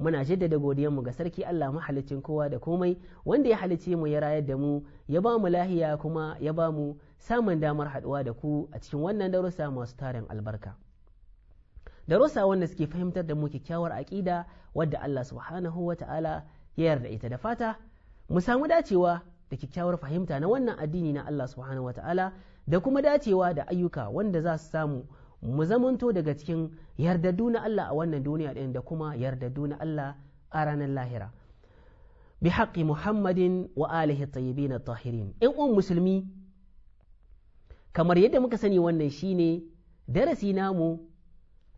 muna jaddada godiyar mu ga sarki Allah mahalicin kowa da komai wanda ya halice mu ya rayar da mu ya ba mu lahiya kuma ya ba mu samun damar haduwa da ku a cikin wannan darussa masu tarin albarka darussa wanda suke fahimtar da mu kyakkyawar aƙida wadda Allah subhanahu wa ta'ala ya yarda ita da fata mu samu dacewa da kyakkyawar fahimta na wannan addini na Allah subhanahu wa ta'ala da kuma dacewa da ayyuka wanda za su samu mu zamanto daga cikin yardaddu na Allah a wannan duniya ɗin da kuma yardadu na Allah a ranar lahira bi haƙi muhammadin wa alihi tayyibi na tahirin ‘yan uwan musulmi kamar yadda muka sani wannan shine darasi namu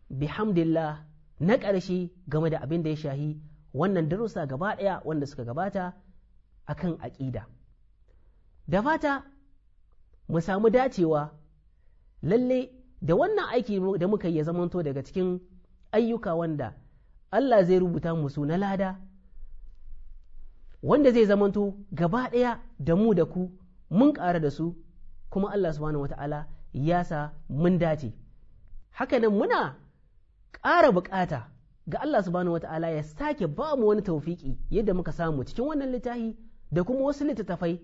bi bihamdillah na ƙarshe game da abin da ya shahi wannan darussa gaba ɗaya wanda suka gabata akan aƙida da fata mu samu dacewa lallai. da wannan aiki da muka yi ya zamanto daga cikin ayyuka wanda Allah zai rubuta musu na lada wanda zai zamanto gaba ɗaya da mu da ku mun ƙara da su kuma Allah subhanahu wata'ala ya sa mun dace hakanan muna ƙara buƙata ga Allah subhanahu wata'ala ya sake ba mu wani taufiki yadda muka samu cikin wannan littafi da kuma wasu littattafai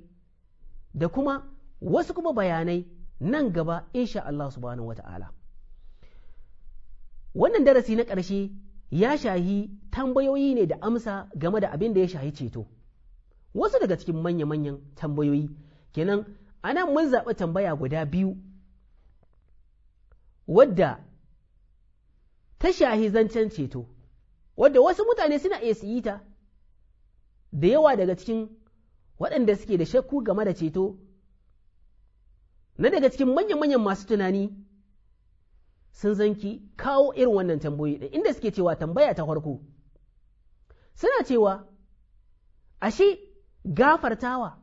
da kuma wasu kuma bayanai nan gaba insha Allah subhanahu wata'ala wannan darasi na ƙarshe ya shahi tambayoyi ne da amsa game da abin da ya shahi ceto wasu daga cikin manya-manyan tambayoyi kenan ana mun zaɓi tambaya guda biyu wadda ta shahi zancen ceto wadda wasu mutane suna iya su yi ta da yawa daga cikin waɗanda suke da shakku game da ceto na daga cikin manyan-manyan masu tunani sun zanki kawo irin wannan tambayoyi ɗin inda suke cewa tambaya ta farko suna cewa ashe gafartawa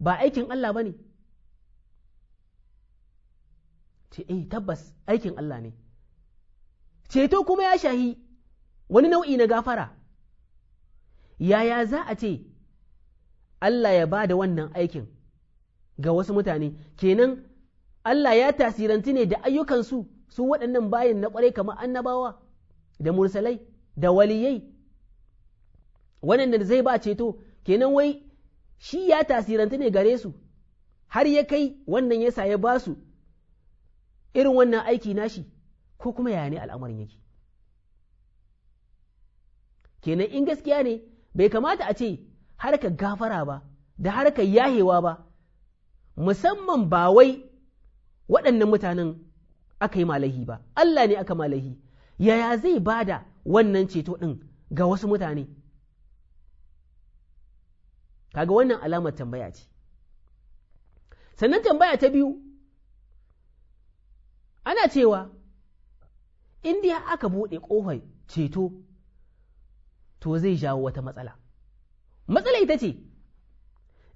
ba aikin Allah ba ne ce eh tabbas aikin Allah ne ceto kuma ya shahi wani nau'i na gafara yaya za a ce Allah ya ba da wannan aikin ga wasu mutane kenan Allah ya tasiranti ne da ayyukansu su waɗannan bayin na ƙwarai kamar annabawa da mursalai da waliyai waɗanda zai ba ceto kenan wai shi ya tasiranti ne gare su har ya kai wannan yasa ya ba su irin wannan aiki nashi ko kuma ya ne al'amarin yake kenan in gaskiya ne bai kamata a ce harkar gafara ba da harkar yahewa ba musamman ba wai waɗannan mutanen aka yi malahi ba Allah ne aka malahi yaya zai ba da wannan ceto ɗin ga wasu mutane kaga wannan alamar tambaya ce sannan tambaya ta biyu ana cewa indiya aka buɗe ƙofar ceto to zai jawo wata matsala matsala ita ce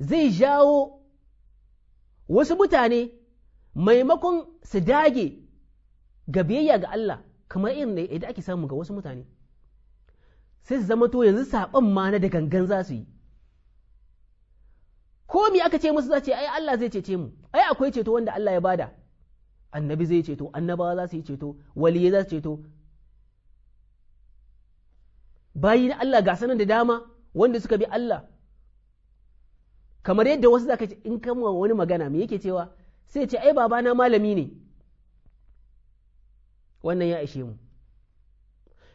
zai jawo wasu mutane maimakon su dage ga biyayya ga Allah kamar irin da ake samu ga wasu mutane sai su zama to yanzu saɓon ma na da gangan za su yi ko me aka ce musu za ce ai Allah zai cece mu ai akwai ceto wanda Allah ya bada annabi zai ceto annabawa za su yi ceto waliye za su ceto bayi na Allah ga sanan da dama wanda suka bi Allah kamar yadda wasu zaka ce in kama wani magana me yake cewa sai ce ai babana malami ne wannan ya ishe mu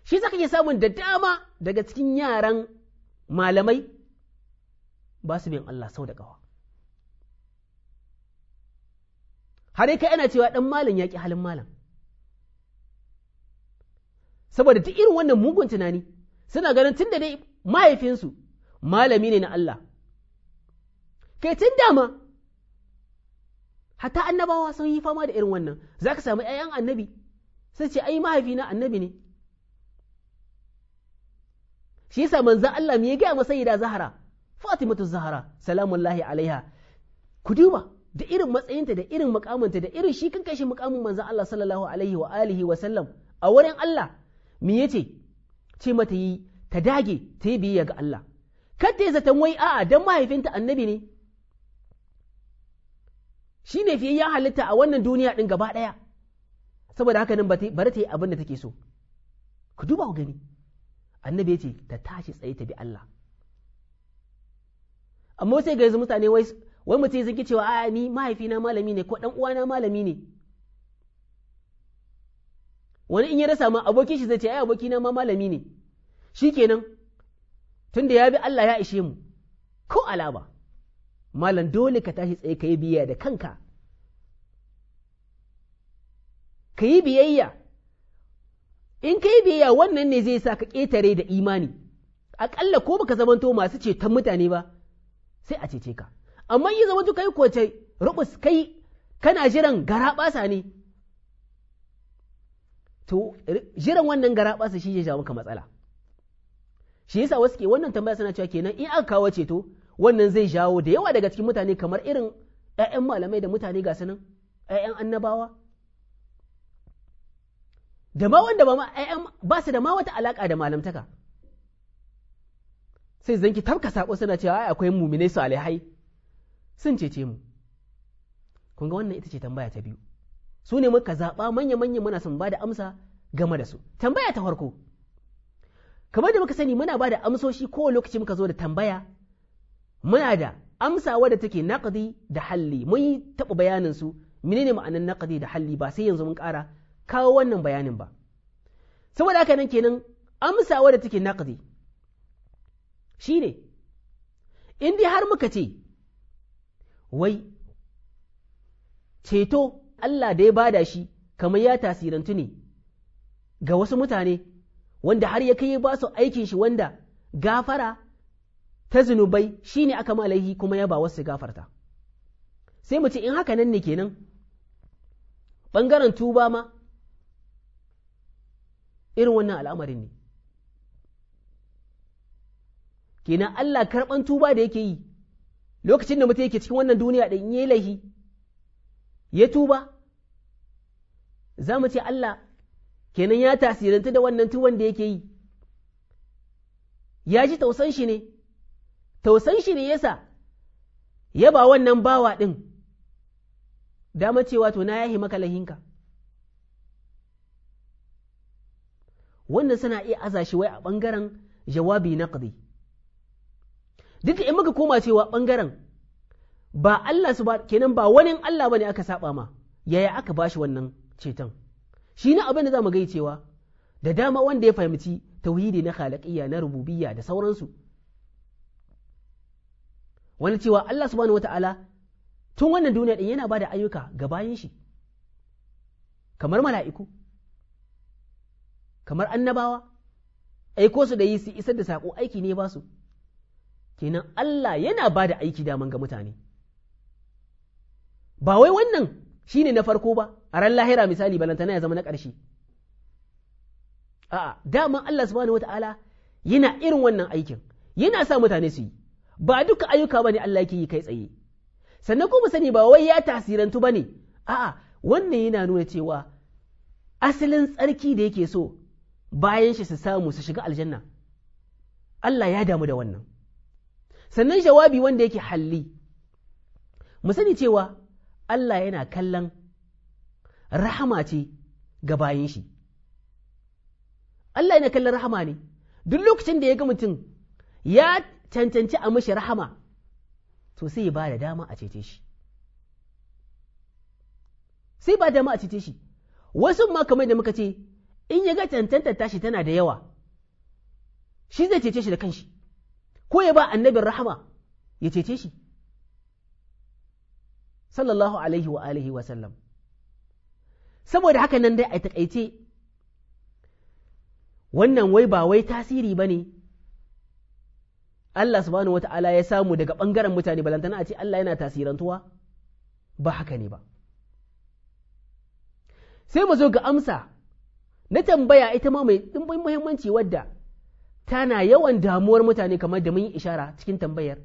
shi zaka ke samun da dama daga cikin yaran malamai ba su bin Allah sau da ƙawa har kai ana cewa ɗan malam ya ƙi halin malam saboda duk irin wannan mugun tunani suna ganin tun da dai mahaifinsu malami ne na Allah kai tun dama hatta annabawa sun yi fama da irin wannan za ka samu ‘ya'yan annabi sai ce ai mahaifi na annabi ne shi yasa manzan Allah me ya gaya masa yi da zahara fatimatu zahara salamun lahi alaiha ku duba da irin matsayinta da irin mukamanta da irin shi kan kashi mukamin manzan Allah sallallahu alaihi wa alihi wa sallam a wurin Allah me yace ce mata yi ta dage ta yi biyayya ga Allah kar ta yi zaton wai a'a dan mahaifinta annabi ne shi ne fiye ya halitta a wannan duniya ɗin gaba ɗaya saboda haka nan bari ta yi abin da take so ku duba ku gani annabi ya ce ta tashi tsaye ta bi Allah amma sai ga yanzu mutane wai wai mutum sun ki cewa a ni mahaifina malami ne ko dan uwana malami ne wani in ya rasa ma abokin shi zai ce ai abokina ma malami ne shikenan tunda ya bi Allah ya ishe mu ko alaba malam dole ka tashi tsaye ka yi biyayya da kanka ka yi biyayya in ka yi biyayya wannan ne zai sa ka ƙetare da imani aƙalla ko baka zamanto masu ceton mutane ba sai a cece ka amma yi zamanto kai koce rubus kai kana jiran ɓasa ne to jiran wannan ɓasa shi ya ja maka matsala shi yasa wasu ke wannan tambaya suna cewa kenan in aka kawo ceto wannan zai jawo da yawa daga cikin mutane kamar irin ‘ya'yan malamai da mutane ga sanan ‘ya'yan annabawa da ma wanda ba ba su da ma wata alaƙa da malamtaka sai zanki tabka saƙo suna cewa ai akwai muminai salihai sun cece mu kun ga wannan ita ce tambaya ta biyu su ne muka zaɓa manya-manya muna son ba da amsa game da su tambaya ta farko kamar da muka sani muna ba da amsoshi ko lokaci muka zo da tambaya muna da amsa wadda take naqdi da halli mun yi taɓa bayanin su menene ma'anar naqdi da halli ba sai yanzu mun ƙara kawo wannan bayanin ba saboda haka nan kenan amsa wadda take naqdi shine in dai har muka ce wai ceto Allah da ya bada shi kamar ya tasirantu ne ga wasu mutane wanda har ya kai ba su aikin shi wanda gafara ta zunubai shi ne aka malaihi kuma ya ba wasu gafarta sai mu ce in haka nan ne kenan ɓangaren tuba ma irin wannan al'amarin ne kenan Allah karɓan tuba da yake yi lokacin da mutum yake cikin wannan duniya da yi laihi ya tuba za mu ce Allah kenan ya tasiranta da wannan tuban da yake yi ya ji tausan shi ne tausan shi ne yasa ya ba wannan bawa ɗin dama cewa to na yahi maka lahinka wannan suna iya aza shi wai a ɓangaren jawabi na ƙadi duk in muka koma cewa ɓangaren ba Allah su ba kenan ba wani Allah ba ne aka saba ma yaya aka bashi wannan ceton shi na abin da za mu gai cewa da dama wanda ya fahimci tauhidi na khalaƙiyya na rububiyya da sauransu wani cewa Allah subhanahu wata'ala tun wannan duniya din yana bada ayyuka ga bayan shi kamar mala'iku kamar annabawa aiko su da yi su isar da saƙo aiki ne ba su kenan Allah yana ba da aiki daman ga mutane ba wai wannan shi ne na farko ba a ran lahira misali balantana ya zama na ƙarshe a'a daman Allah subhanahu wata'ala yana irin wannan aikin yana sa mutane su yi ba duka ayyuka ba ne Allah yake yi kai tsaye sannan kuma sani ba wai ya tasirantu ba ne. a'a wannan yana nuna cewa asalin tsarki da yake so bayan shi su samu su shiga aljanna Allah ya damu da wannan sannan jawabi wanda yake halli mu sani cewa Allah yana kallon rahama ce ga bayan shi Allah yana kallon rahama ne duk lokacin da ya ga mutum ya cancanci a mishi rahama to sai ba da dama a cece shi sai ba dama a cece shi wasu ma kamar da muka ce in ya ga cancanta tashi tana da yawa shi zai cece shi da kanshi ko ya ba annabin rahama ya cece shi sallallahu alaihi wa alihi wa sallam saboda haka nan dai a taƙaice. wannan wai ba wai tasiri ba ne Allah subhanahu wata'ala ya samu daga bangaren mutane balantana a ce Allah yana tasirantuwa ba haka ne ba sai mu zo ga amsa na tambaya ita ma mai tsimbin muhimmanci wadda tana yawan damuwar mutane kamar da mun yi ishara cikin tambayar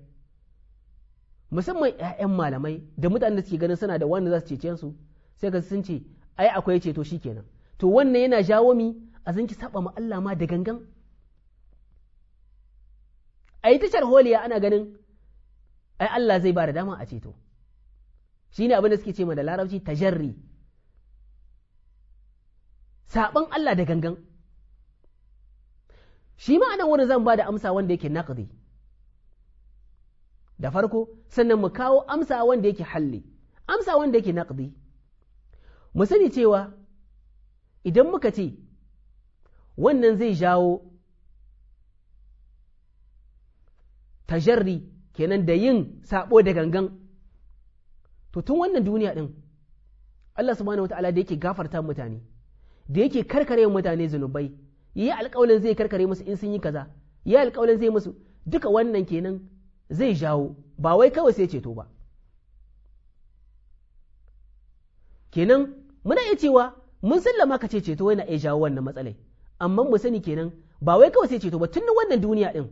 musamman 'ya'yan malamai da mutanen da suke ganin suna da wanda za su cece su sai ka sun ce ai akwai ceto shikenan to wannan yana jawo mi a zanki saba ma Allah ma da gangan a yi tashar holiya ana ganin ai Allah zai ba da dama a ceto shi ne abin da suke ce da larabci tajarri saɓon Allah da gangan shi ma anan wurin zan ba da amsa wanda yake naƙdi da farko sannan mu kawo amsa wanda yake halli amsa wanda yake naƙdi mu sani cewa idan muka ce wannan zai jawo tajarri kenan da yin sabo da gangan to tun wannan duniya din Allah subhanahu wataala da yake gafarta mutane da yake karkare mutane zunubai yi alƙawalin zai karkare musu in sun yi kaza yi alƙawalin zai musu duka wannan kenan zai jawo ba wai kawai sai ceto ba kenan muna iya cewa mun sallama ka ce ceto yana iya jawo wannan matsalai amma mu sani kenan ba wai kawai sai ceto ba tun wannan duniya din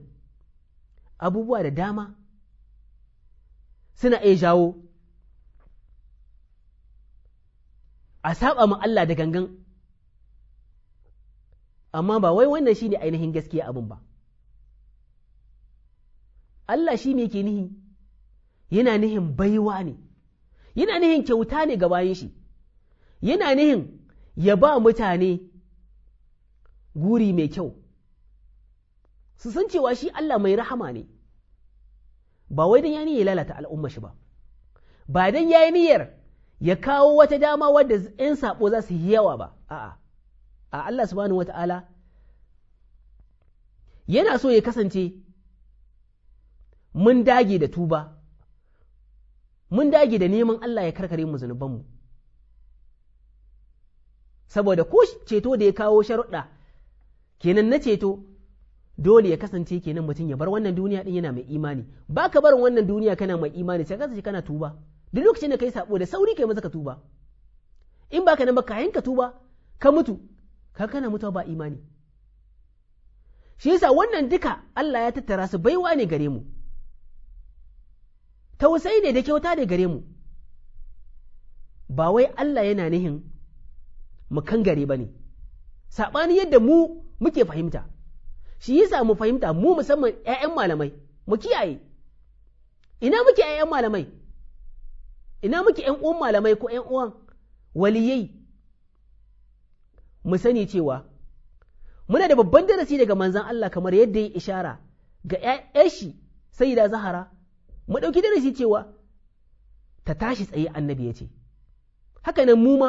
abubuwa da dama suna iya jawo a saba ma Allah da gangan amma ba wai wannan shi ne ainihin gaskiya abin ba Allah shi ne ke nihi yana nihin baiwa ne yana nihin kyauta ne ga bayan shi yana nihin ya ba mutane guri mai kyau su san cewa shi Allah mai rahama ne ba wai dan ya lalata al'umma shi ba ba dan ya niyyar ya kawo wata dama wadda 'yan sabo za su yi yawa ba a'a a Allah subhanahu wata'ala yana so ya kasance mun dage da tuba mun dage da neman Allah ya karkare mu zunubanmu saboda ko ceto da ya kawo sharuɗa kenan na ceto dole ya kasance kenan mutum ya bar wannan duniya din yana mai imani ba ka barin wannan duniya kana mai imani sai kasance kana tuba duk lokacin da kai sabo da sauri kai masa ka tuba in ba ka nan ba kayan ka tuba ka mutu ka kana mutuwa ba imani shi yasa wannan duka Allah ya tattara su baiwa ne gare mu tausayi ne da kyauta ne gare mu ba wai Allah yana nihin mu kan gare ba ne saɓani yadda mu muke fahimta shi yasa mu fahimta mu musamman 'ya'yan malamai mu kiyaye ina muke 'ya'yan malamai ina muke 'yan uwan malamai ko 'yan uwan waliyai mu sani cewa muna da babban darasi daga manzan Allah kamar yadda ya ishara ga 'ya'yan shi da zahara mu ɗauki darasi cewa ta tashi tsaye annabi ya ce haka nan mu ma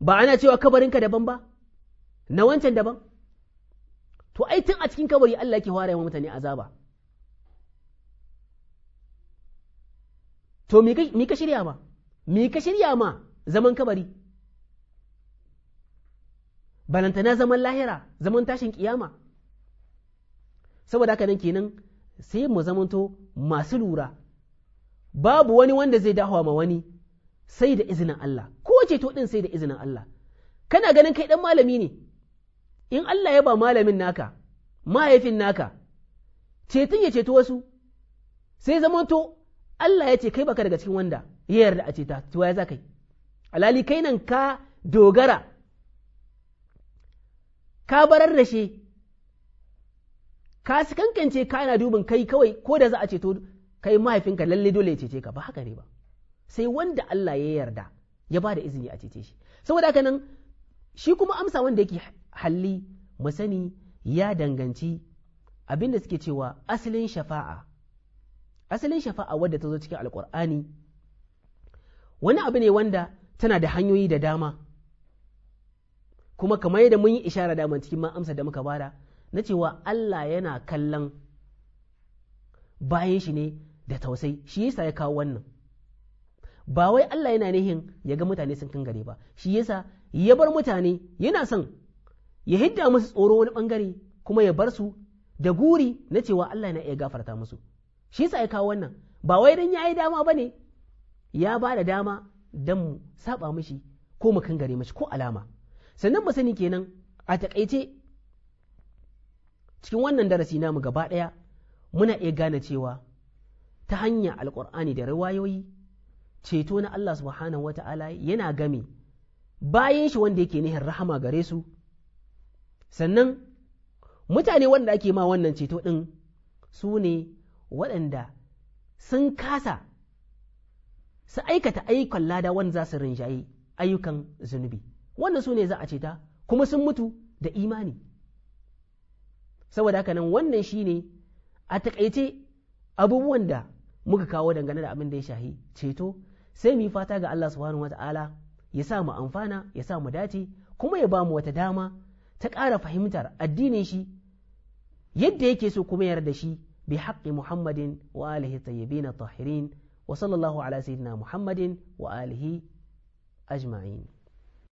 ba ana cewa kabarinka daban ba na wancan daban to ai tun a cikin kabari Allah yake fara wa mutane azaba to me ka shirya ma me ka shirya ma zaman kabari na zaman lahira zaman tashin kiyama saboda haka nan kenan sai mu zamanto masu lura babu wani wanda zai dahawa ma wani sai da izinin Allah ko ceto din sai da izinin Allah kana ganin kai dan malami ne in Allah ya ba malamin naka mahaifin naka ceton ya ceto wasu sai zamanto Allah ya ce kai baka daga cikin wanda ya yarda a ceta cewa ya za kai alali kai nan ka dogara ka barar da shi ka kankance kana dubin kai kawai ko da za a ceto kai mahaifinka lalle dole ya cece ka ba haka ne ba sai wanda Allah ya yarda ya ba da izini a cece shi saboda haka nan shi kuma amsa wanda yake halli mu sani ya danganci abinda suke cewa asalin shafa'a asalin shafa'a wadda ta zo cikin alkur'ani wani abu ne wanda tana da hanyoyi da dama kuma kamar yadda mun yi ishara dama cikin ma da muka bada na cewa Allah yana kallon bayan shi ne da tausai shi yasa ya kawo wannan ba wai Allah yana nihin ya ga mutane sun kan gare ba shi yasa ya bar mutane yana son ya hidda musu tsoro wani bangare kuma ya bar su da guri na cewa Allah na iya gafarta musu shi yasa ya wannan ba wai dan yayi dama bane ya ba da dama dan mu saba mishi ko mu kangare mishi ko alama sannan mu sani kenan a takaice cikin wannan darasi na namu gaba daya muna iya gane cewa ta hanyar alkur'ani da riwayoyi ceto na Allah subhanahu wata'ala yana game bayan shi wanda yake nihin rahama gare su sannan mutane wanda ake ma wannan ceto ɗin su ne waɗanda sun kasa su aikata ayyukan lada wanda za su rinjaye ayyukan zunubi wannan su ne za a ceta kuma sun mutu da imani saboda haka nan wannan shi ne a takaice abubuwan da muka kawo dangane da abin da ya shahi ceto sai mu yi fata ga Allah subhanahu ta'ala ya sa mu amfana ya sa mu dace kuma ya ba mu wata dama ta ƙara fahimtar addinin shi yadda yake so kuma da shi bi haƙƙi muhammadin wa alihi tayyibin tahirin wa sallallahu ala sayyidina muhammadin wa alihi ajma'in